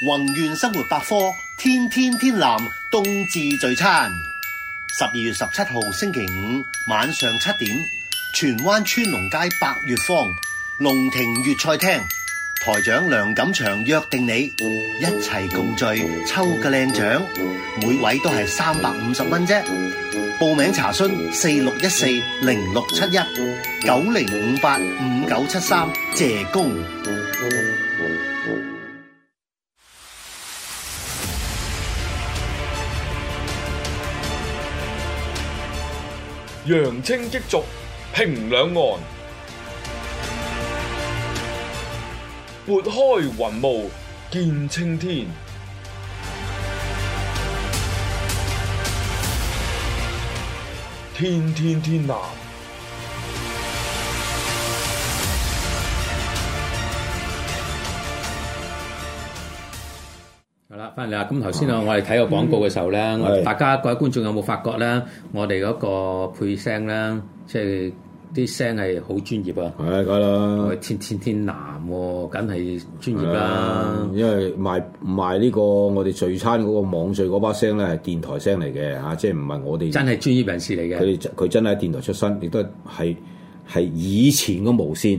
宏源生活百科，天天天藍冬至聚餐，十二月十七號星期五晚上七點，荃灣川龍街百月坊龍庭粵菜廳，台長梁錦祥約定你一齊共聚抽個靚獎，每位都係三百五十蚊啫。報名查詢四六一四零六七一九零五八五九七三謝工。揚清激濁，平兩岸；撥開雲霧，見青天。天天天藍。啦，翻嚟啦。咁頭先啊，我哋睇個廣告嘅時候咧，嗯、大家是各位觀眾有冇發覺咧？我哋嗰個配呢、就是、聲咧，即係啲聲係好專業啊。係，梗係天，天天天藍，梗係專業啦。因為賣賣呢、這個我哋聚餐嗰個網聚嗰把聲咧，係電台聲嚟嘅嚇，即係唔係我哋真係專業人士嚟嘅。佢佢真係電台出身，亦都係係以前個無線，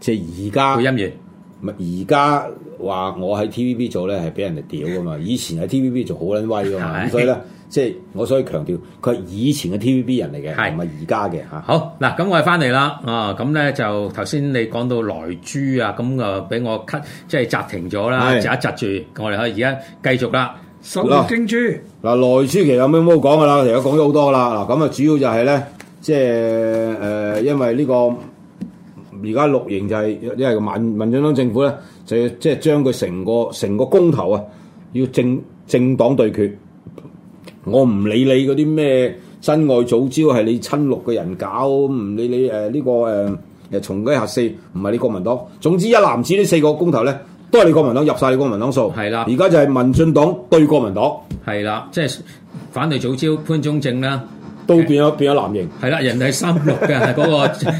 即係而家。配音員咪而家。話我喺 TVB 做咧係俾人哋屌噶嘛，以前喺 TVB 做好撚威噶嘛，咁的所以咧即係我所以強調，佢係以前嘅 TVB 人嚟嘅，唔係而家嘅嚇。好嗱，咁我哋翻嚟啦，啊咁咧就頭先你講到萊豬啊，咁啊俾我 cut 即係暫停咗啦，的窒一窒住，我哋可以而家繼續啦。守得精珠。嗱、嗯，萊豬其實有咩冇講噶啦，而家講咗好多啦。嗱、嗯，咁、嗯、啊主要就係、是、咧，即係誒，因為呢、這個。而家綠營就係一係民民進黨政府咧，就即、是、係將佢成個成個公投啊，要正政黨對決。我唔理你嗰啲咩珍愛藻礁係你親綠嘅人搞，唔理你誒呢、呃這個誒誒重啟核四，唔係你國民黨。總之一籃子呢四個公投咧，都係你國民黨入晒，你國民黨數。係啦的，而家就係民進黨對國民黨。係啦，即、就、係、是、反對藻礁潘忠政啦。都變咗變咗藍營，係啦，人哋係三六嘅，係、嗰、嗰、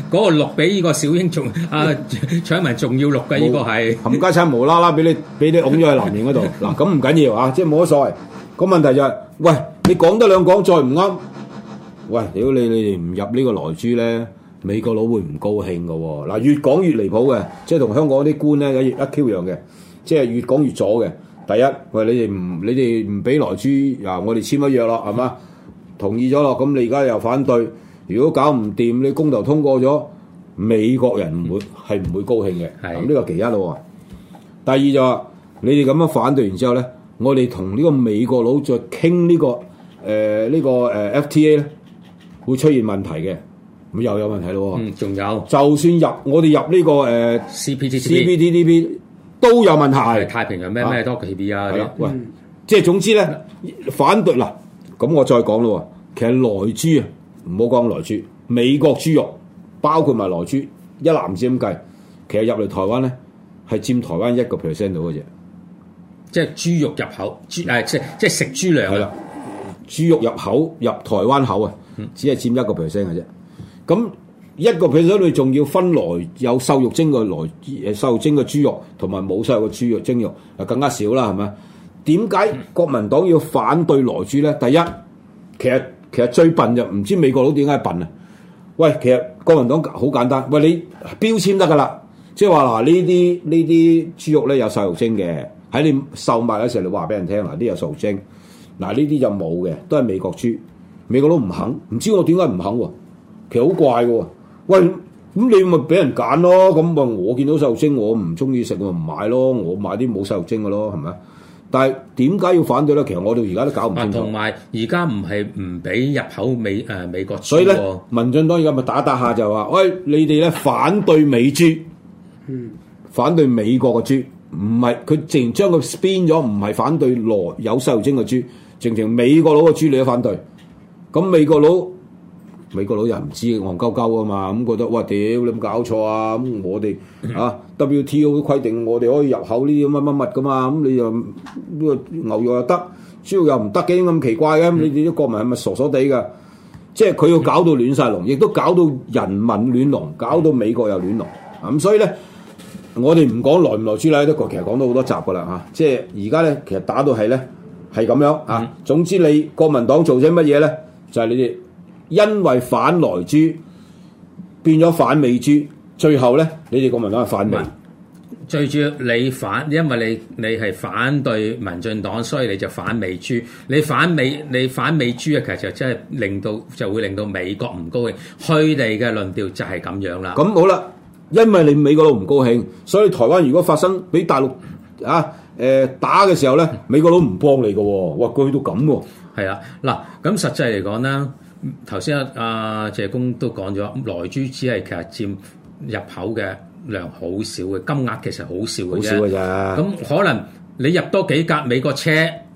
個嗰個六比呢個小英仲啊，搶民仲要綠嘅呢、呢個係。冚家鏟無啦啦俾你俾你拱咗去藍營嗰度，嗱咁唔緊要啊，即係冇乜所謂。個問題就係、是，喂，你講得兩講再唔啱，喂，屌你你哋唔入個呢個萊豬咧，美國佬會唔高興嘅喎、哦？嗱、啊，越講越離譜嘅，即係同香港啲官咧一一樣嘅，即係越講越左嘅。第一，喂，你哋唔你哋唔俾萊豬啊，我哋簽咗約咯，係嘛？同意咗咯，咁你而家又反對？如果搞唔掂，你公投通過咗，美國人唔會係唔會高興嘅。係。咁呢個其一咯。第二，就你哋咁樣反對完之後咧，我哋同呢個美國佬再傾呢個誒呢個誒 FTA 咧，會出現問題嘅。咁又有問題咯。嗯，仲有。就算入我哋入呢個誒 CPT CPTPP 都有問題。太平洋咩咩多級別啊？係，即係總之咧，反對嗱。咁我再講咯喎，其實萊豬啊，唔好講萊豬，美國豬肉包括埋萊豬，一籃子咁計，其實入嚟台灣咧係佔台灣一個 percent 到嘅啫。即係豬肉入口，豬誒、啊、即係即係食豬去啦。豬肉入口入台灣口啊，只係佔一個 percent 嘅啫。咁一個 percent 你仲要分萊有瘦肉精嘅萊豬，瘦肉精嘅豬肉同埋冇瘦肉嘅豬肉精肉，啊更加少啦，係咪？點解國民黨要反對萊豬咧？第一，其實其實最笨就唔知美國佬點解笨啊？喂，其實國民黨好簡單，喂你標籤得噶啦，即係話嗱呢啲呢啲豬肉咧有瘦肉精嘅，喺你售賣嘅時候你話俾人聽嗱呢有瘦肉精，嗱呢啲就冇嘅，都係美國豬。美國佬唔肯，唔知我點解唔肯？其實好怪嘅，喂咁你咪俾人揀咯，咁啊我見到瘦肉精我唔中意食，我唔買咯，我買啲冇瘦肉精嘅咯，係咪啊？但係點解要反對咧？其實我哋而家都搞唔明。同埋而家唔係唔俾入口美誒、呃、美國、啊、所以咧，民進黨而家咪打打，打下就話，喂，你哋咧反對美豬，反對美國嘅豬，唔係佢竟然將佢 spin 咗，唔係反對攞有瘦精嘅豬，正正美國佬嘅豬你都反對，咁美國佬。美國佬又唔知戇鳩鳩啊嘛，咁覺得哇屌你有冇搞錯、嗯、啊！咁我哋啊 WTO 都規定我哋可以入口呢啲乜乜乜噶嘛，咁、嗯、你又呢個牛肉又得，豬肉又唔得嘅，幾咁奇怪嘅，你哋啲國民係咪傻傻地噶？即係佢要搞到亂晒龍，亦都搞到人民亂龍，搞到美國又亂龍，咁、嗯嗯、所以咧，我哋唔講耐唔耐書啦，都其實講到好多集噶啦吓。即係而家咧，其實打到係咧係咁樣啊。總之你國民黨做咗乜嘢咧，就係、是、你哋。因為反萊豬變咗反美豬，最後咧，你哋國民黨係反美。最主要你反，因為你你係反對民進黨，所以你就反美豬。你反美，你反美豬啊！其實就真係令到就會令到美國唔高興，佢哋嘅論調就係咁樣啦。咁好啦，因為你美國佬唔高興，所以台灣如果發生俾大陸啊誒、呃、打嘅時候咧，美國佬唔幫你㗎喎，話句到咁喎。係啊，嗱、啊，咁實際嚟講啦。頭先阿謝公都講咗，萊豬只係其實佔入口嘅量好少嘅，金額其實好少嘅啫。咁、啊嗯、可能你入多幾架美國車，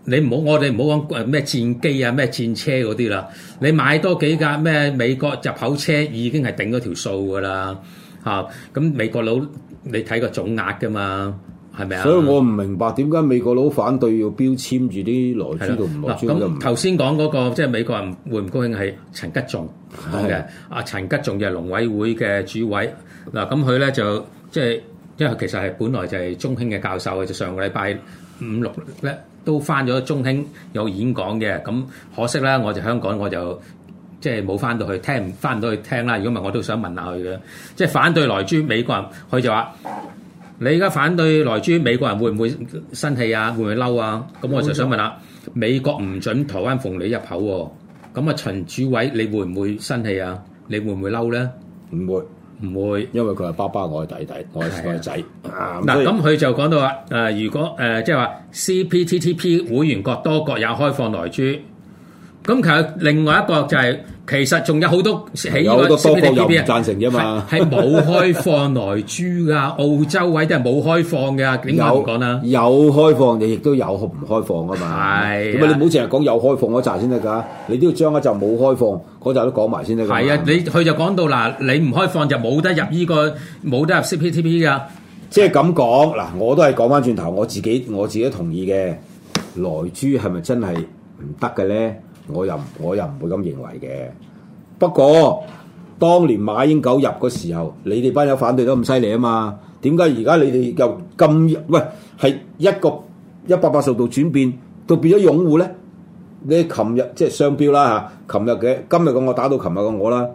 你唔好我哋唔好講咩戰機啊、咩戰車嗰啲啦，你買多幾架咩美國入口車已經係頂咗條數㗎啦。嚇、嗯，咁、嗯、美國佬你睇個總額㗎嘛。係咪啊？是是所以我唔明白點解美國佬反對要標籤住啲萊豬。咁頭先講嗰個即係、就是、美國人會唔高興係陳吉仲嘅，阿的陳吉仲就係農委會嘅主委。嗱咁佢咧就即係因為其實係本來就係中興嘅教授嘅，就上個禮拜五六咧都返咗中興有演講嘅。咁可惜啦，我就香港我就即係冇返到去聽，返唔到去聽啦。如果唔係，我都想問下佢嘅。即係反對萊豬美國人，佢就話。你而家反對萊豬，美國人會唔會生氣啊？會唔會嬲啊？咁我就想問下，美國唔准台灣鳳梨入口喎，咁啊陳主委，你會唔會生氣啊？你會唔會嬲咧？唔會，會，會，會，會，唔會，因為佢係爸爸，我係弟弟，我係我係仔。嗱，咁佢就講到話，誒、呃，如果誒，即係話 CPTPP 會員國多國也開放萊豬。咁其實另外一個就係，其實仲有好多喺依個。有好多個有唔贊成啫嘛。係冇開放萊豬㗎，澳洲位都係冇開放嘅。有有開放，你亦都有唔開放啊嘛。係。點解啊？你唔好淨係講有開放嗰扎先得㗎。你都要將一陣冇開放嗰紮都講埋先得㗎。係啊，你佢就講到嗱，你唔開放就冇得入依個，冇得入 CPTP 㗎。即係咁講嗱，我都係講翻轉頭，我自己我自己同意嘅，萊豬係咪真係唔得嘅咧？我又我又唔會咁認為嘅。不過當年馬英九入嘅時候，你哋班友反對都咁犀利啊嘛？點解而家你哋又咁喂？係一個一百八十度轉變，都變咗擁護咧？你琴日即係雙標啦嚇！琴日嘅今日嘅我打到琴日嘅我啦，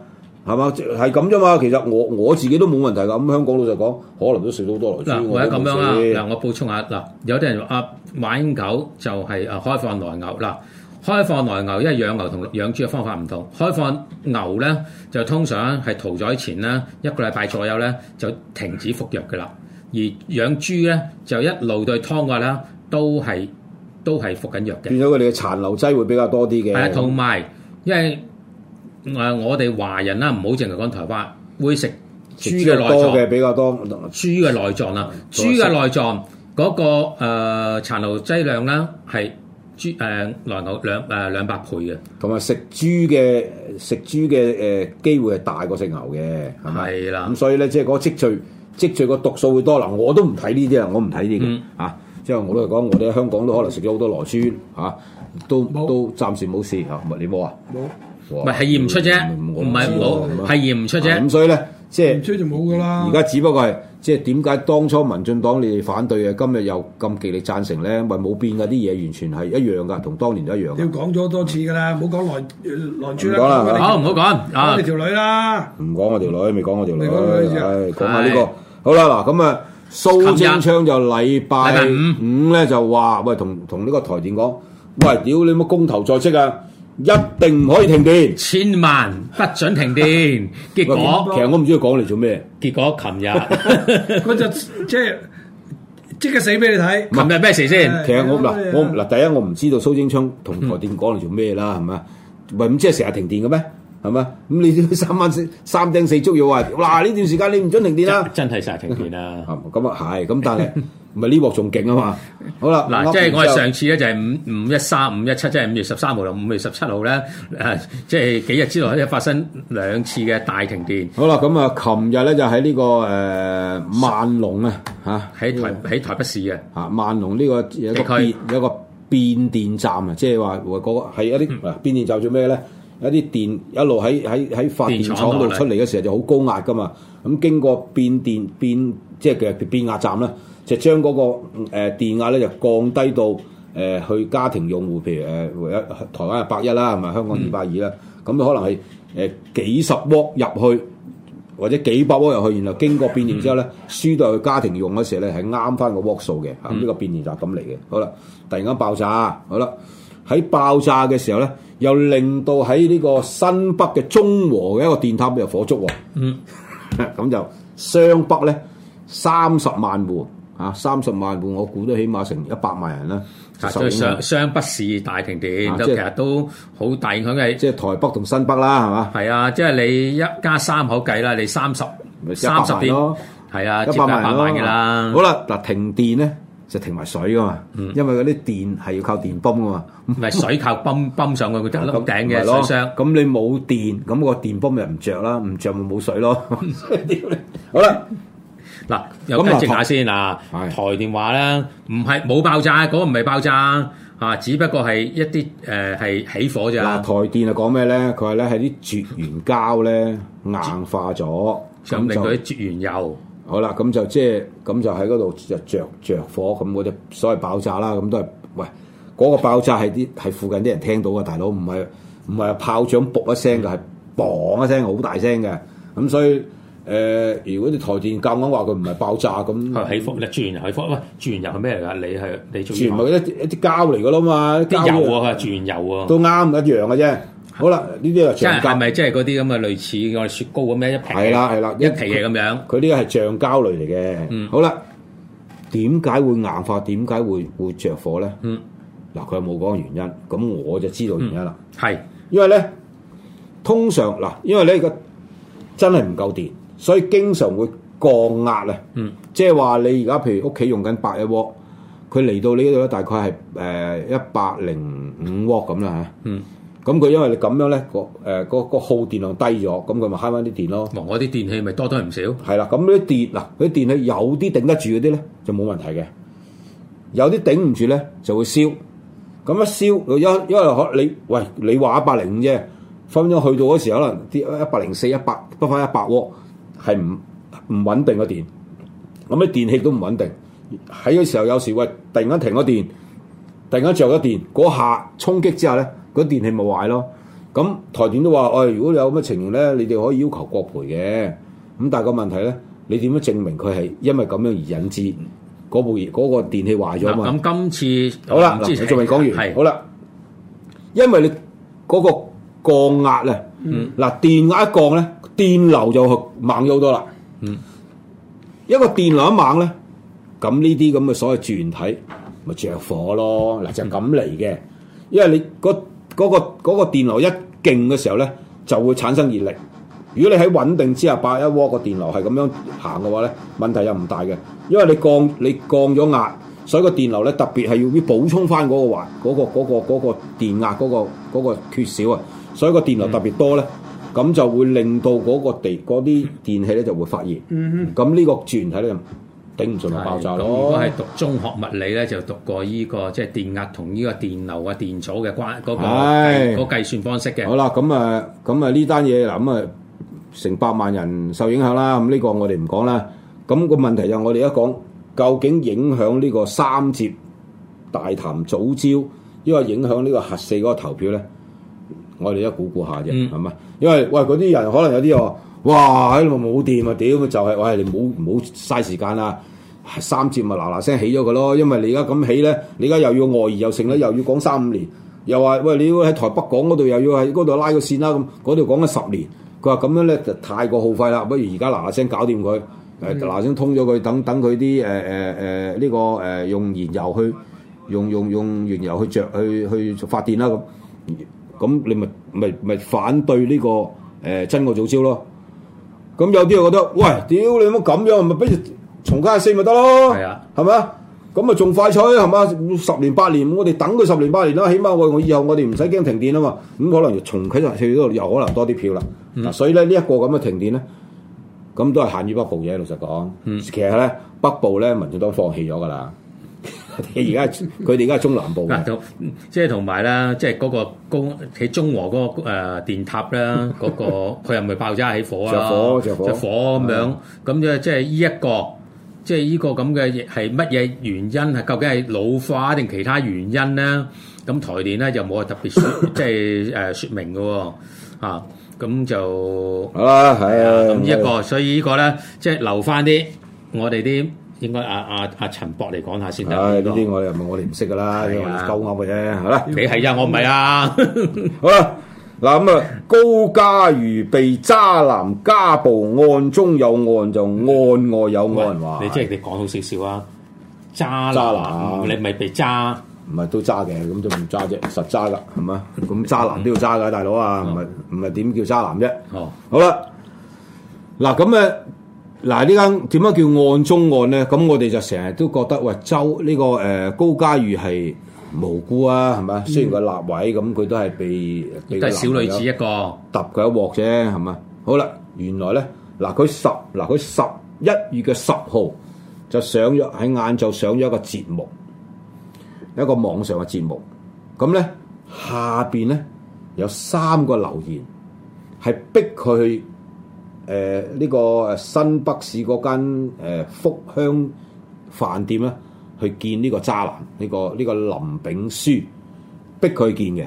係嘛？係咁啫嘛。其實我我自己都冇問題㗎。咁香港老實講，可能都食到多萊豬。咁喂樣、啊、啦。嗱，我補充下嗱，有啲人話馬英九就係、是、啊開放萊牛嗱。開放萊牛，因為養牛同養豬嘅方法唔同。開放牛咧就通常係屠宰前啦，一個禮拜左右咧就停止服藥嘅啦。而養豬咧就一路對劏嘅啦，都係都係服緊藥嘅。變咗佢哋嘅殘留劑會比較多啲嘅。同埋，因為誒、呃、我哋華人啦，唔好淨係講台灣，會食豬嘅內臟嘅比較多，豬嘅內臟啊，豬嘅、呃、內臟嗰個誒殘留劑，劑量啦係。豬誒，牛、呃、牛兩誒、呃、兩百倍嘅，同埋食豬嘅食豬嘅誒、呃、機會係大過食牛嘅，係啦。咁的所以咧，即係嗰積聚積聚個毒素會多啦。我都唔睇呢啲啊，我唔睇呢啲嘅。即係我都係講，我哋喺香港都可能食咗好多螺豬嚇，都都暫時冇事嚇。唔係你冇啊？冇、啊，唔係係驗唔出啫，唔係冇係驗唔出啫。咁、啊、所以咧，即係驗唔出就冇噶啦。而家只不過係。即係點解當初民進黨你哋反對嘅，今日又咁極力贊成咧？咪、哎、冇變噶啲嘢，完全係一樣噶，同當年一樣。要講咗多次噶啦，唔好講來來轉啦。好唔好講？講、啊、你條女啦。唔講我條女，未講我條女。係講、哎、下呢、這個。的好啦，嗱咁啊，蘇貞昌就禮拜五五咧就話喂，同同呢個台電講喂，屌你乜公投在即啊！一定唔可以停電，千萬不准停電。結果其實我唔知佢講嚟做咩。結果琴日，嗰隻即係即刻死俾你睇。琴日咩事先？其實我嗱我嗱第一我唔知道蘇貞昌同台電講嚟做咩啦，係嘛？唔係咁即係成日停電嘅咩？係嘛？咁你三萬四三釘四足又話，嗱呢段時間你唔准停電啦，真係成日停電啦。咁啊係，咁但係。唔係呢鑊仲勁啊嘛！好啦，嗱、啊，即係我哋上次咧，就係五五一三、五一七，即係五月十三號同五月十七號咧，誒，即係幾日之內咧，發生兩次嘅大停電。好啦，咁啊，琴日咧就喺呢個誒萬隆啊，嚇，喺台喺台北市嘅嚇萬隆呢個有個有個變電站啊，即係話個係一啲嗱變電站做咩咧？有啲電一路喺喺喺發電廠度出嚟嘅時候就好高壓㗎嘛，咁經過變電變、變即係嘅變壓站咧。就將嗰個誒電壓咧就降低到誒、呃、去家庭用戶，譬如誒台灣係百一啦，係咪香港二百二啦？咁可能係誒幾十瓦入去，或者幾百瓦入去，然後經過變形之後咧，嗯、輸到去家庭用嗰時候咧係啱翻個瓦數嘅。咁呢、嗯啊這個變形就係咁嚟嘅。好啦，突然間爆炸，好啦，喺爆炸嘅時候咧，又令到喺呢個新北嘅中和嘅一個電塔入火燭喎、哦。嗯，咁、嗯、 就雙北咧三十萬戶。啊，三十萬戶我估都起碼成一百萬人啦。啊，對上雙北市大停電，其實都好大影響嘅。即係台北同新北啦，係嘛？係啊，即係你一家三口計啦，你三十三十啲，係啊，接近一百萬噶啦。好啦，嗱，停電咧就停埋水噶嘛，因為嗰啲電係要靠電泵噶嘛，唔係水靠泵泵上去佢得咯，頂嘅水箱。咁你冇電，咁個電泵咪唔着啦，唔着咪冇水咯。好啦。嗱，又跟證下先啊！台，台電話咧，唔係冇爆炸，嗰、嗰個唔係爆炸啊！只不過係一啲誒係起火咋。嗱，台電啊講咩咧？佢話咧係啲絕緣膠咧硬化咗，咁絕就令絕緣油。好啦，咁就即係咁就喺嗰度就着着火，咁我就所謂爆炸啦。咁都係喂嗰、嗰個爆炸係啲係附近啲人聽到嘅大佬，唔係唔係炮仗噗一聲嘅，係噋一聲好大聲嘅，咁所以。誒、呃，如果你台電咁話佢唔係爆炸咁，係起伏，咧轉又起伏，喂，轉又係咩嚟噶？你係你全部一一啲膠嚟噶啦嘛？油喎，轉油啊，都啱一樣嘅啫。的好啦，呢啲又橡膠咪即係嗰啲咁嘅類似我雪糕咁咩一瓶，係啦係啦，一皮嘢咁樣。佢呢個係橡膠類嚟嘅。嗯、好啦，點解會硬化？點解會會著火咧？嗯，嗱，佢冇講原因，咁我就知道原因啦。係、嗯，因為咧，通常嗱，因為咧個真係唔夠電。所以經常會降壓啊！嗯、即係話你而家譬如屋企用緊百一窩，佢嚟到你嗰度咧，大概係誒一百零五窩咁啦嚇。咁佢、嗯、因為你咁樣咧，誒嗰個耗電量低咗，咁佢咪慳翻啲電咯。我啲電器咪多得唔少。係啦，咁呢啲電嗱，嗰啲電器有啲頂得住嗰啲咧，就冇問題嘅；有啲頂唔住咧，就會燒。咁一燒，因為因為可你喂你話一百零五啫，分分鐘去到嗰時，可能跌一百零四、一百多翻一百窩。係唔唔穩定嘅電，咁啲電器都唔穩定。喺嗰時候有時喂，突然間停咗電，突然間着咗電，嗰下沖擊之下咧，嗰電器咪壞咯。咁台電都話，誒、哎，如果你有咁嘅情形咧，你哋可以要求國賠嘅。咁但係個問題咧，你點樣證明佢係因為咁樣而引致嗰部嗰、那個電器壞咗嘛？咁、啊、今次好啦，嗱知啦，你仲未講完，的好啦，因為你嗰、那個。降壓咧，嗱、嗯，電壓一降咧，電流就猛咗好多啦。嗯、一個電流一猛咧，咁呢啲咁嘅所謂絕緣體咪着火咯。嗱就係咁嚟嘅，因為你嗰嗰、嗰個、嗰個電流一勁嘅時候咧，就會產生熱力。如果你喺穩定之下擺一窩個電流係咁樣行嘅話咧，問題又唔大嘅，因為你降你降咗壓，所以個電流咧特別係要要補充翻嗰個環嗰個嗰個嗰個電壓嗰個嗰個缺少啊。所以個電流特別多咧，咁就會令到嗰個電嗰啲電器咧就會發熱。咁呢個轉體咧，頂唔順咪爆炸咯？如果係讀中學物理咧，就讀過呢個即係電壓同呢個電流啊、電阻嘅關嗰個嗰計算方式嘅。好啦，咁啊，咁啊呢單嘢嗱，咁啊成百萬人受影響啦。咁呢個我哋唔講啦。咁個問題就我哋一講，究竟影響呢個三接大潭藻礁，因為影響呢個核四嗰個投票咧。我哋一估估下啫，係嘛？因為喂嗰啲人可能有啲哦，哇喺度冇電啊！屌咪就係、是、喂你冇好嘥時間啦，三折咪嗱嗱聲起咗佢咯。因為你而家咁起咧，你而家又要外移又成啦，又要講三五年，又話喂你要喺台北港嗰度又要喺嗰度拉個線啦咁，嗰度講咗十年。佢話咁樣咧就太過耗費啦，不如而家嗱嗱聲搞掂佢，誒嗱嗱聲通咗佢，等等佢啲誒誒誒呢個誒、呃、用燃油去用用用原油去着去去，去發電啦咁。咁你咪咪咪反對呢、這個誒、呃、真我早招咯？咁有啲人覺得，喂，屌你冇咁樣，咪不如重加四咪得咯？係是啊，係咪啊？咁咪仲快脆係嘛？十年八年，我哋等佢十年八年啦，起碼我我以後我哋唔使驚停電啊嘛。咁、嗯、可能又重啟嚟，去嗰度又可能多啲票啦。嗱、嗯啊，所以咧呢一、這個咁嘅停電咧，咁都係限於北部嘅。老實講，嗯、其實咧北部咧，民主黨放棄咗㗎啦。而家佢哋而家係中南部，即係同埋咧，即係嗰個公喺中和嗰個誒電塔啦，嗰個佢又唔係爆炸起火啊？着火着火咁樣，咁即即係呢一個，即係呢個咁嘅係乜嘢原因？係究竟係老化定其他原因咧？咁台電咧就冇特別即係誒說明嘅吓，咁就啊，啦，係啊，咁呢一個，所以呢個咧即係留翻啲我哋啲。應該阿阿阿陳博嚟講下先。唉，呢啲我又咪我哋唔識噶啦，因為夠噏嘅啫，係啦。你係啊，我唔係啊。好啦，嗱咁啊，高嘉瑜被渣男家暴，案中有案，就案外有案話。你即係你講好少少啊？渣渣男，你咪被渣，唔係都渣嘅，咁就唔渣啫，實渣噶，係嘛？咁渣男都要渣嘅，大佬啊，唔係唔係點叫渣男啫？哦，好啦，嗱咁啊。嗱，呢間點解叫案中案咧？咁我哋就成日都覺得，喂，周呢個誒高嘉瑜係無辜啊，係咪？雖然個立委咁，佢都係被都係小女子一個揼佢一鑊啫，係嘛？好啦，原來咧，嗱佢十嗱佢十一月嘅十號就上咗喺晏晝上咗一個節目，一個網上嘅節目。咁咧下面咧有三個留言係逼佢。誒呢、呃這個新北市嗰間、呃、福香飯店啊，去見呢個渣男，呢、這個呢、這個林炳書逼佢見嘅。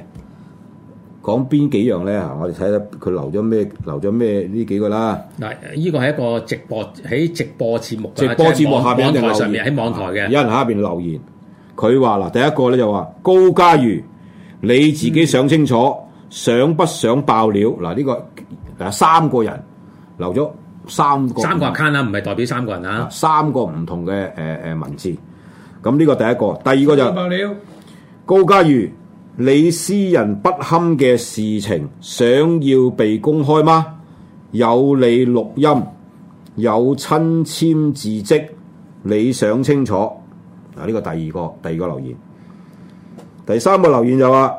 講邊幾樣咧？我哋睇下，佢留咗咩，留咗咩呢幾個啦。嗱，呢個係一個直播喺直播節目，直播節目下邊一定留言喺網台嘅，有、啊啊、人喺下邊留言。佢話嗱，第一個咧就話高嘉瑜，你自己想清楚，嗯、想不想爆料？嗱，呢、這個誒三個人。留咗三個，三個 account 啦，唔係代表三個人啊。三個唔同嘅誒誒文字，咁、嗯、呢、這個第一個，第二個就高嘉瑜，你私人不堪嘅事情想要被公開嗎？有你錄音，有親簽字跡，你想清楚啊！呢個第二個，第二個留言。第三個留言就話、是：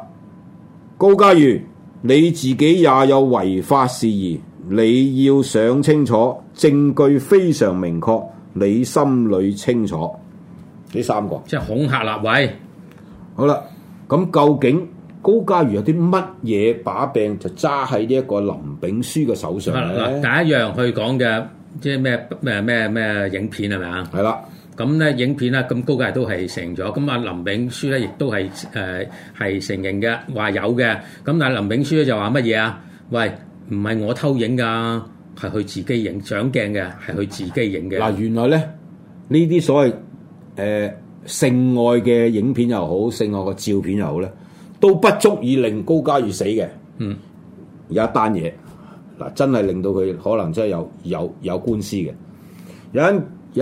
高嘉瑜，你自己也有違法事宜。你要想清楚，證據非常明確，你心裏清楚。呢三個即係恐嚇立位。好啦，咁究竟高嘉瑜有啲乜嘢把柄就揸喺呢一個林炳書嘅手上咧？嗱，第一樣佢講嘅即係咩咩咩咩影片係咪啊？係啦，咁咧影片咧，咁高嘉都係承咗，咁阿林炳書咧亦都係誒係承認嘅，話有嘅。咁但係林炳書咧就話乜嘢啊？喂！唔係我偷影噶，係佢自己影掌鏡嘅，係佢自己影嘅。嗱，原來咧呢啲所謂誒、呃、性愛嘅影片又好，性愛嘅照片又好咧，都不足以令高家如死嘅。嗯，有有有有，有一單嘢嗱，真係令到佢可能真係有有有官司嘅。有有，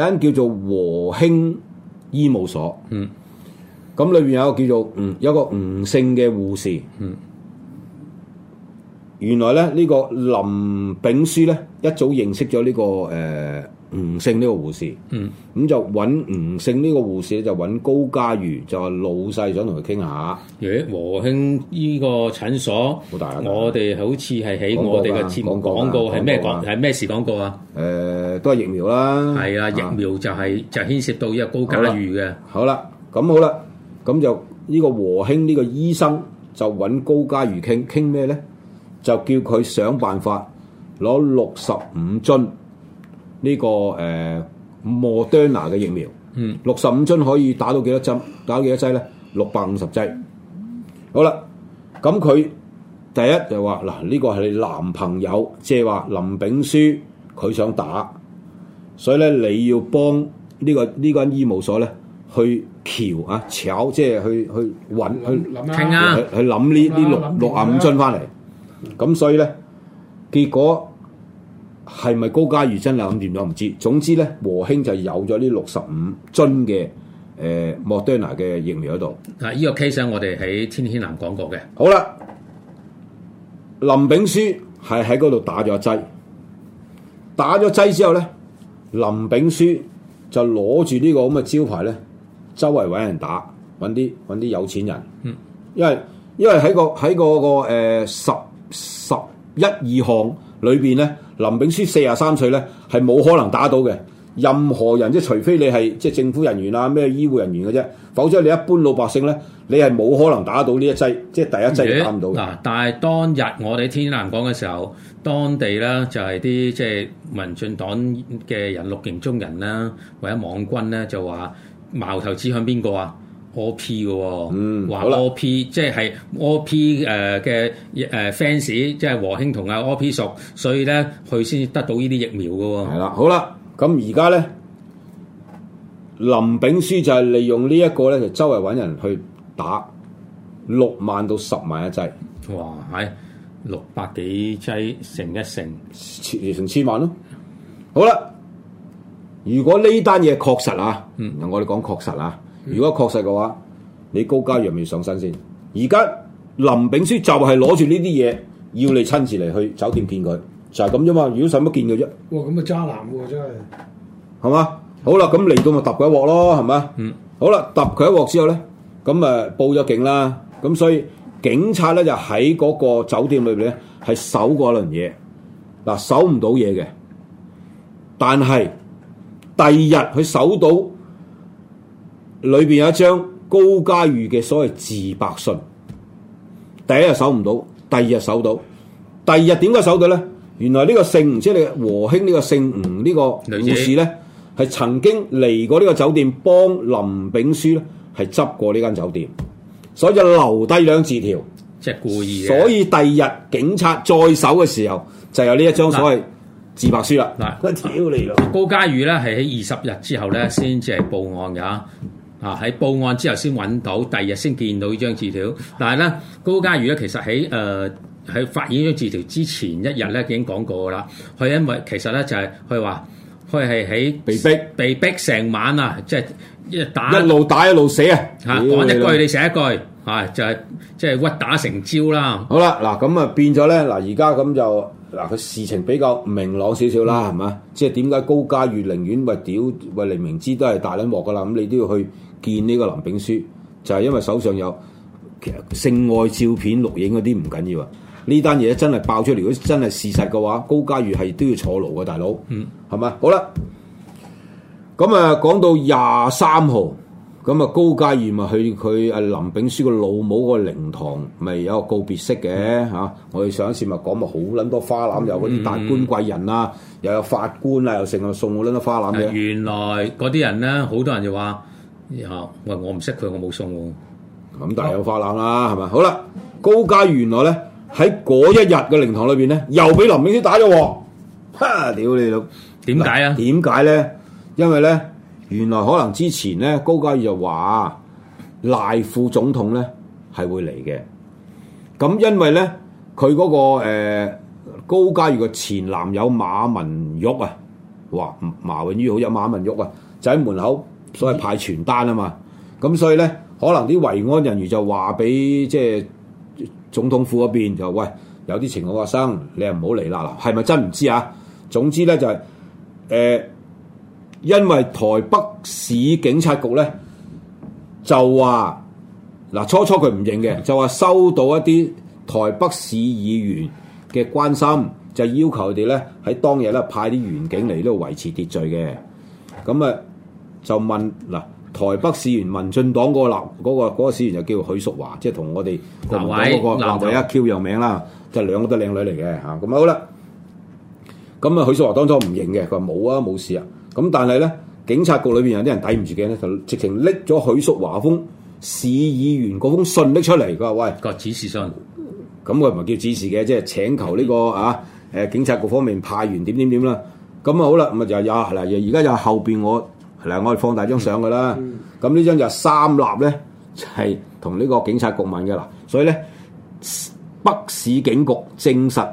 人叫做和興醫務所。嗯，咁裏邊有個叫做吳有個吳姓嘅護士。嗯。原來咧，呢個林炳書咧一早認識咗呢、呢個誒、呃、吳姓呢個護士，嗯，咁就揾吳姓呢個護士就揾高嘉瑜，就話老細想同佢傾下。誒、欸、和興呢個診所，大好大我哋好似係喺我哋嘅節目廣告係咩講係咩事廣告啊？誒、嗯，都係疫苗啦。係啊，疫苗就係、是、就是、牽涉到依個高嘉瑜嘅。好啦，咁好啦，咁就呢個和興呢個醫生就揾高嘉瑜傾傾咩咧？就叫佢想辦法攞六十五樽呢個誒莫端娜嘅疫苗，六十五樽可以打到幾多針？打到幾多劑咧？六百五十劑。好啦，咁佢第一就話嗱，呢個係你男朋友，即係話林炳書佢想打，所以咧你要幫呢、呢個呢間、呢個、醫務所咧去橋啊炒，即係去去揾想去、啊、去諗呢呢六六啊五樽翻嚟。這咁所以咧，結果係咪高嘉瑜真係諗掂咗唔知？總之咧，和興就有咗呢六十五樽嘅誒莫德納嘅疫苗喺度。啊，依、這個 case 我哋喺天天藍講過嘅。好啦，林秉樞係喺嗰度打咗劑，打咗劑之後咧，林秉樞就攞住呢個咁嘅招牌咧，周圍揾人打，揾啲揾啲有錢人。嗯因，因為因為喺個喺個個,個、呃、十。十一二項裏邊咧，林秉樞四十三歲咧，係冇可能打到嘅。任何人，即除非你係即係政府人員啦，咩醫護人員嘅啫，否則你一般老百姓咧，你係冇可能打到呢一劑，即係第一劑打唔到嘅。嗱，但係當日我哋天南港嘅時候，當地啦就係啲即係民進黨嘅人綠營中人啦，或者網軍咧，就話矛頭指向邊個啊？O P 嘅，OP 哦、嗯，話 O P 即係 O P 誒嘅誒 fans，即係和興同阿 O P 熟，所以咧佢先至得到呢啲疫苗嘅。哦。係啦，好啦，咁而家咧，林炳書就係利用呢一個咧，就周圍搵人去打六萬到十萬一劑。哇，係六百幾劑成一成，成千萬咯。哦。好啦，如果呢單嘢確實啊，嗯，我哋講確實啊。如果確實嘅話，你高嘉瑜又未上身先。而家林炳書就係攞住呢啲嘢，要你親自嚟去酒店見佢，就係咁啫嘛。如果使乜見佢啫。哇！咁啊渣男喎，真係。係嘛？好啦，咁嚟到咪揼佢一鑊咯，係咪？嗯。好啦，揼佢一鑊之後咧，咁誒報咗警啦。咁所以警察咧就喺嗰個酒店裏邊咧係搜過一輪嘢。嗱、啊，搜唔到嘢嘅，但係第二日佢搜到。裏邊有一張高嘉瑜嘅所謂自白信，第一日搜唔到，第二日搜到，第二日點解搜到咧？原來呢個姓唔知你和興呢個姓吳呢個女士咧，係似曾經嚟過呢個酒店幫林炳書咧，係執過呢間酒店，所以就留低兩字條，即係故意。所以第二日警察再搜嘅時候，就有呢一張所謂自白書啦。嗱似，個字條嚟高嘉瑜咧，係喺二十日之後咧，先至係報案嘅。啊！喺報案之後先揾到，第二日先見到呢張字條。但係咧，高嘉瑜咧其實喺誒喺發現呢張字條之前一日咧，已經講過㗎啦。佢因為其實咧就係佢話佢係喺被逼迫被逼成晚啊，即係一路打，打一路死啊！嚇、啊，講一句你寫一句啊，就係即係屈打成招啦。好啦，嗱咁啊變咗咧嗱，而家咁就嗱佢事情比較明朗少少啦，係嘛、嗯？即係點解高嘉瑜寧願喂屌喂嚟明知都係大撚鑊㗎啦？咁你都要去？見呢個林秉樞就係、是、因為手上有其實性愛照片錄影嗰啲唔緊要啊，呢單嘢真係爆出嚟，如果真係事實嘅話，高嘉瑜係都要坐牢嘅，大佬，嗯，係咪？好啦，咁啊講到廿三號，咁啊高嘉瑜咪去佢阿林秉樞個老母個靈堂，咪有一個告別式嘅，吓、嗯啊。我哋上一次咪講咪好捻多花籃，又嗰啲達官貴人啊，嗯、又有法官啊，又成日送好捻多花籃嘅。原來嗰啲人咧，好多人就話。然後喂，我唔識佢，我冇送喎。咁但係又發冷啦，係咪？好啦，高嘉瑜原來咧喺嗰一日嘅靈堂裏邊咧，又俾林永謙打咗。哈，哈！屌你老，點解啊？點解咧？因為咧，原來可能之前咧，高嘉瑜就話賴副總統咧係會嚟嘅。咁因為咧，佢嗰、那個誒、呃、高嘉瑜嘅前男友馬文玉啊，哇！馬永宇好有馬文玉啊，就喺門口，所以派傳單啊嘛，咁所以咧，可能啲維安人員就話俾即係總統府嗰邊，就喂有啲情況發生，你唔好嚟啦，係咪真唔知啊？總之咧就係誒、呃，因為台北市警察局咧就話嗱、啊，初初佢唔認嘅，就話收到一啲台北市議員嘅關心，就要求佢哋咧喺當日咧派啲員警嚟呢度維持秩序嘅，咁、嗯、啊。就問嗱，台北市員民，民進黨嗰、那個立嗰、那個市員就叫許淑華，即係同我哋國民黨嗰男仔州一 Q 樣名啦，就是、兩個都靚女嚟嘅嚇。咁、啊、咪好啦，咁、嗯、啊許淑華當初唔認嘅，佢話冇啊冇事啊。咁但係咧，警察局裏邊有啲人抵唔住嘅咧，就直情拎咗許淑華封市議員嗰封信拎出嚟。佢話喂，個指示信，咁佢唔係叫指示嘅，即、就、係、是、請求呢、這個啊誒、呃、警察局方面派員點點點啦。咁、嗯、啊、嗯、好啦，咁啊就啊嗱，而家就後邊我。嗱，我哋放大張相噶啦，咁呢張就三立咧，係同呢個警察局問噶啦，所以咧北市警局證實，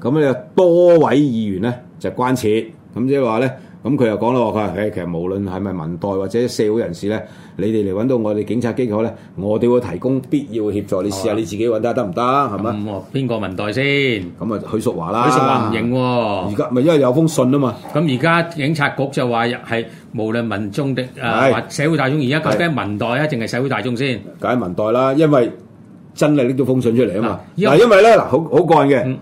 咁咧多位議員咧就關切，咁即係話咧。咁佢又講咯，佢話，誒，其實無論係咪民代或者社會人士咧，你哋嚟揾到我哋警察機構咧，我哋會提供必要嘅協助。你試下你自己揾得得唔得？係咪？邊個民代先？咁啊、嗯嗯嗯，許淑華啦。許淑華唔認喎、喔。而家咪因為有封信啊嘛。咁而家警察局就話係無論民眾的啊是社會大眾，而家究竟係民代啊定係社會大眾先？梗係民代啦，因為真係搦到封信出嚟啊嘛。嗱，因為咧，好好幹嘅。嗯、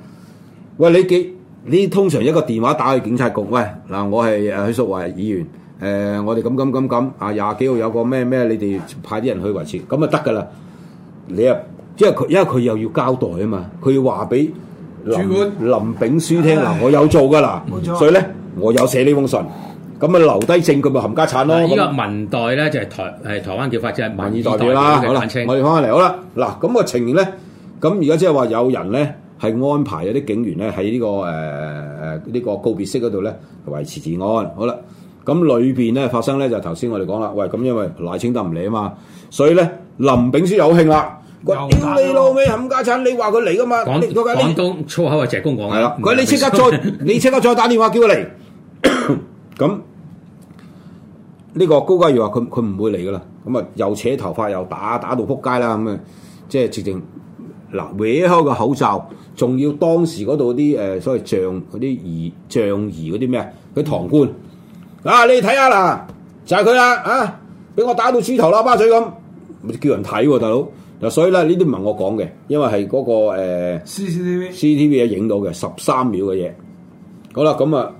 喂，你幾？呢通常一個電話打去警察局，喂嗱，我係誒許淑華議員，誒、呃，我哋咁咁咁咁啊，廿幾號有個咩咩，你哋派啲人去維持咁啊，得㗎啦。你啊，因為佢因為佢又要交代啊嘛，佢要話俾主管林炳書聽嗱、哎呀，我有做㗎啦，冇錯啊、所以咧我有寫呢封信，咁啊留低證據咪冚家產咯。呢個民代咧就係台誒台灣叫法即係民意代表啦。好啦，我哋翻返嚟好啦。嗱咁、咁個情形咧，咁而家即係話有人咧。係安排有啲警員咧喺呢個誒誒呢個告別式嗰度咧維持治安。好啦，咁裏邊咧發生咧就頭先我哋講啦，喂，咁因為賴清德唔嚟啊嘛，所以咧林炳書有慶啦，屌你老味冚家鏟，你話佢嚟噶嘛，廣東粗口係謝公講。係啦，佢你即刻再你即刻再打電話叫佢嚟。咁 呢、這個高嘉瑜話佢佢唔會嚟噶啦，咁啊又扯頭髮又打又打到仆街啦，咁啊即係直情。嗱，歪開個口罩，仲要當時嗰度啲誒所謂象，嗰啲儀仗儀嗰啲咩啊？嗰堂官嗱，你睇下啦，就係佢啦啊！俾、啊、我打到豬頭喇叭嘴咁，叫人睇喎、啊、大佬。嗱，所以咧呢啲唔係我講嘅，因為係嗰、那個、呃、CCTV、CCTV 啊影，影到嘅十三秒嘅嘢。好啦，咁啊，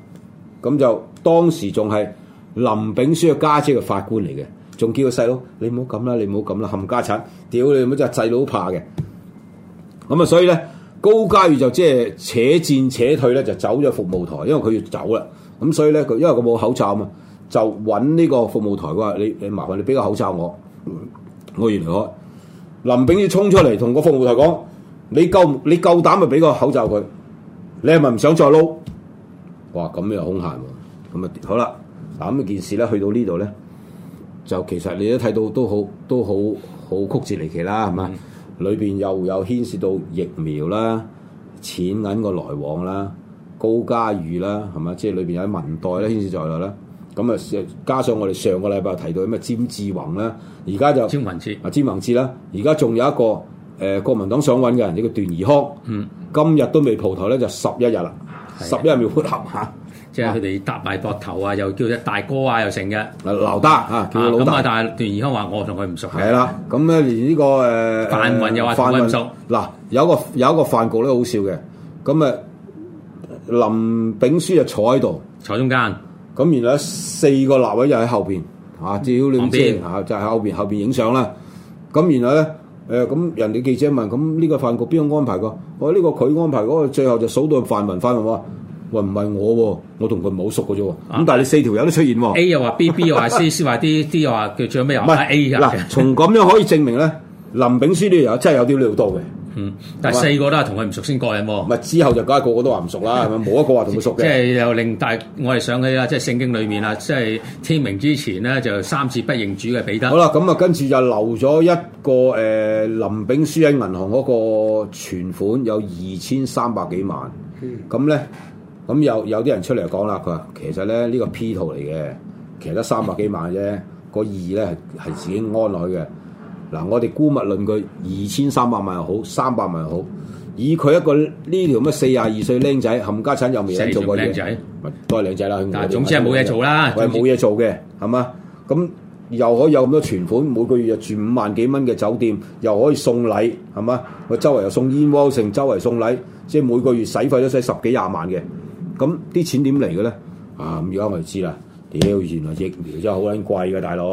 咁就當時仲係林秉樞嘅家姐嘅法官嚟嘅，仲叫個細佬你唔好咁啦，你唔好咁啦，冚家鏟，屌你乜啫，細佬怕嘅。咁啊，所以咧，高嘉瑜就即係且戰且退咧，就走咗服務台，因為佢要走啦。咁所以咧，佢因為佢冇口罩啊，就揾呢個服務台話：你你麻煩你俾個口罩我。我原來林秉樞衝出嚟同個服務台講：你夠你夠膽咪俾個口罩佢？你係咪唔想再撈？哇！咁又空閒喎。咁啊，好啦，嗱咁件事咧，去到呢度咧，就其實你都睇到都好都好好曲折離奇啦，係咪？嗯裏邊又有牽涉到疫苗啦、錢銀嘅來往啦、高嘉瑜啦，係咪？即係裏邊有啲民代咧牽涉在內啦。咁啊，加上我哋上個禮拜提到有咩詹志宏啦，而家就詹文志啊，詹文志啦，而家仲有一個誒、呃，國民黨想揾嘅人，呢個段宜康，嗯、今日都未蒲頭咧，就十一日啦，十一日未蒲頭。嚇。即係佢哋搭埋膊頭啊，又叫只大哥啊，又成嘅。劉德嚇，咁啊，但係段宜康話我同佢唔熟。係啦，咁咧，連呢個誒范雲又話范雲唔熟。嗱，有一個有一個飯局咧，好笑嘅。咁誒，林秉樞就坐喺度，坐中間。咁然後四個立委又喺後邊至少你唔知嚇邊、啊，就喺、是、後邊後邊影相啦。咁然後咧，誒、呃、咁人哋記者問，咁、這、呢個飯局邊個安排過、這個？我呢個佢安排嗰最後就數到范雲，范雲喎。話唔係我，我同佢唔好熟嘅啫。咁但係你四條友都出現 B, D, D，A 又話 B，B 又話 C，C 話 D，D 又話叫做咩？唔係 A。嗱，從咁樣可以證明咧， 林炳書呢條友真係有啲料到嘅。嗯，但係四個都係同佢唔熟先過癮。唔係之後就梗係個個都話唔熟啦，係咪？冇一個話同佢熟嘅。即係又令大我哋想起啦，即係聖經裏面啦，即、就、係、是、天明之前咧就三次不認主嘅彼得。好啦，咁啊跟住就留咗一個誒、呃、林炳書喺銀行嗰個存款有二千三百幾萬。嗯，咁咧。咁、嗯、有有啲人出嚟講啦，佢話其實咧呢個 P 圖嚟嘅，其實得三百幾萬啫， 個二咧係自己安落去嘅。嗱，我哋姑勿論佢二千三百萬又好，三百萬又好，以佢一個呢條咩四十二歲僆仔，冚家產又未使做過嘢，僆仔都係僆仔啦。但總之係冇嘢做啦，喂冇嘢做嘅係嘛？咁之又可以有咁多存款，每個月就住五萬幾蚊嘅酒店，又可以送禮係嘛？佢周圍又送燕窩城，周圍送禮，即係每個月使費都使十幾廿萬嘅。咁啲錢點嚟嘅咧？啊，咁而家我哋知啦！屌，原來疫苗真係好撚貴㗎、啊，大佬。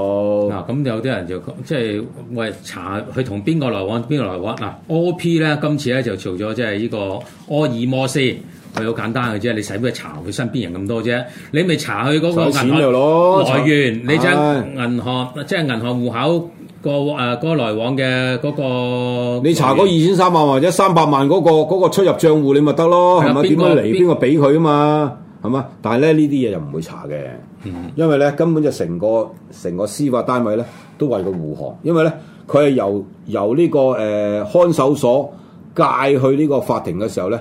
嗱、啊，咁、嗯、有啲人就即係喂查佢同邊個來往，邊個來往嗱、啊、OP 咧，今次咧就做咗即係呢、這個柯爾摩斯。佢好簡單嘅啫，你使咩查佢身邊人咁多啫？你咪查佢嗰個錢來源？你即係銀行，的即係銀行戶口個誒嗰個來往嘅嗰、那個。你查嗰二千三萬或者三百萬嗰個出入賬戶，你咪得咯，係咪的？點樣嚟？邊個俾佢啊？嘛係嘛？但係咧呢啲嘢就唔會查嘅，嗯、因為咧根本就成個成個司法單位咧都為佢護航，因為咧佢係由由呢、這個誒、呃、看守所介去呢個法庭嘅時候咧。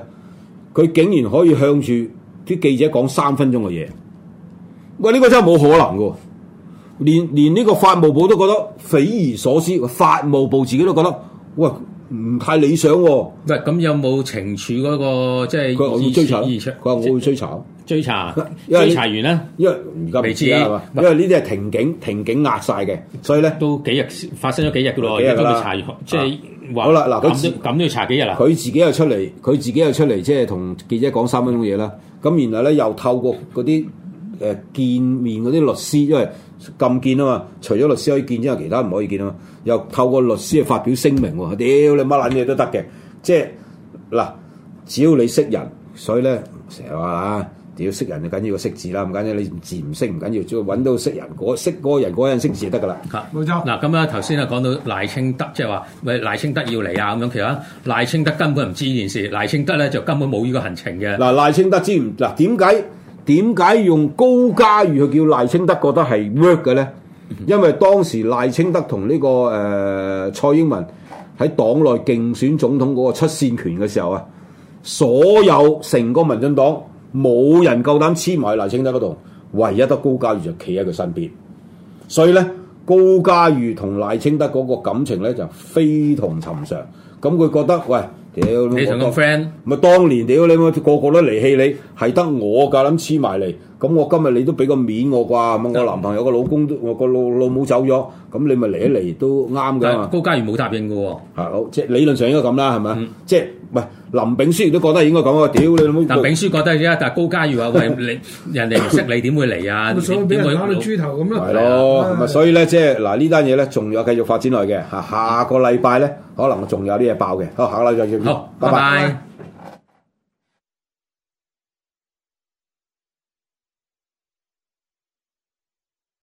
佢竟然可以向住啲記者講三分鐘嘅嘢，喂，呢個真係冇可能嘅，連連呢個法務部都覺得匪夷所思，法務部自己都覺得，喂！」唔太理想喎。咁有冇懲處嗰個即係？佢話會追查。佢話、啊：我會追查。追查。追查完啦。因為而家未知係因為呢啲係停警停警壓晒嘅，所以咧都幾日發生咗幾日嘅咯。幾日都未查即係話好啦。嗱，揼都都要查幾日啦。佢自，自己又出嚟，佢自己又出嚟，即係同記者講三分鐘嘢啦。咁然後咧，又透過嗰啲。誒見面嗰啲律師，因為禁見啊嘛，除咗律師可以見之外，其他唔可以見啊嘛。又透過律師去發表聲明喎，屌你乜撚嘢都得嘅，即係嗱，只要你識人，所以咧成日話嚇，屌識人就緊要識字啦，唔緊要你字唔識唔緊要，只要揾到識人嗰個人識字就得㗎啦。嚇，冇錯。嗱咁啊頭先啊講到賴清德，即係話喂賴清德要嚟啊咁樣，其實賴清德根本唔知呢件事，賴清德咧就根本冇呢個行程嘅。嗱賴清德知唔嗱點解？點解用高嘉瑜去叫賴清德覺得係 work 嘅咧？因為當時賴清德同呢、這個誒、呃、蔡英文喺黨內競選總統嗰個出線權嘅時候啊，所有成個民進黨冇人夠膽黐埋喺賴清德嗰度，唯一得高嘉瑜就企喺佢身邊，所以咧高嘉瑜同賴清德嗰個感情咧就非同尋常，咁佢覺得喂。屌你個 friend？咪當年屌你個個都離棄你，係得我㗎，諗黐埋嚟。咁我今日你都畀個面我啩，咁我男朋友個老公都，我個老老母走咗，咁你咪嚟一嚟都啱嘅。高嘉瑜冇答應嘅喎、哦。係好，即係理論上應該咁啦，係咪、嗯、即係唔係林炳書都覺得應該咁喎。屌你老母！林炳書覺得啫，但係高嘉瑜話：喂，你人哋唔識你點會嚟啊的唉？所以俾人打到豬頭咁咯。係咯，所以咧即係嗱呢單嘢咧，仲有繼續發展落去嘅嚇。下個禮拜咧，可能仲有啲嘢爆嘅。好，下禮拜見。好，拜拜。拜拜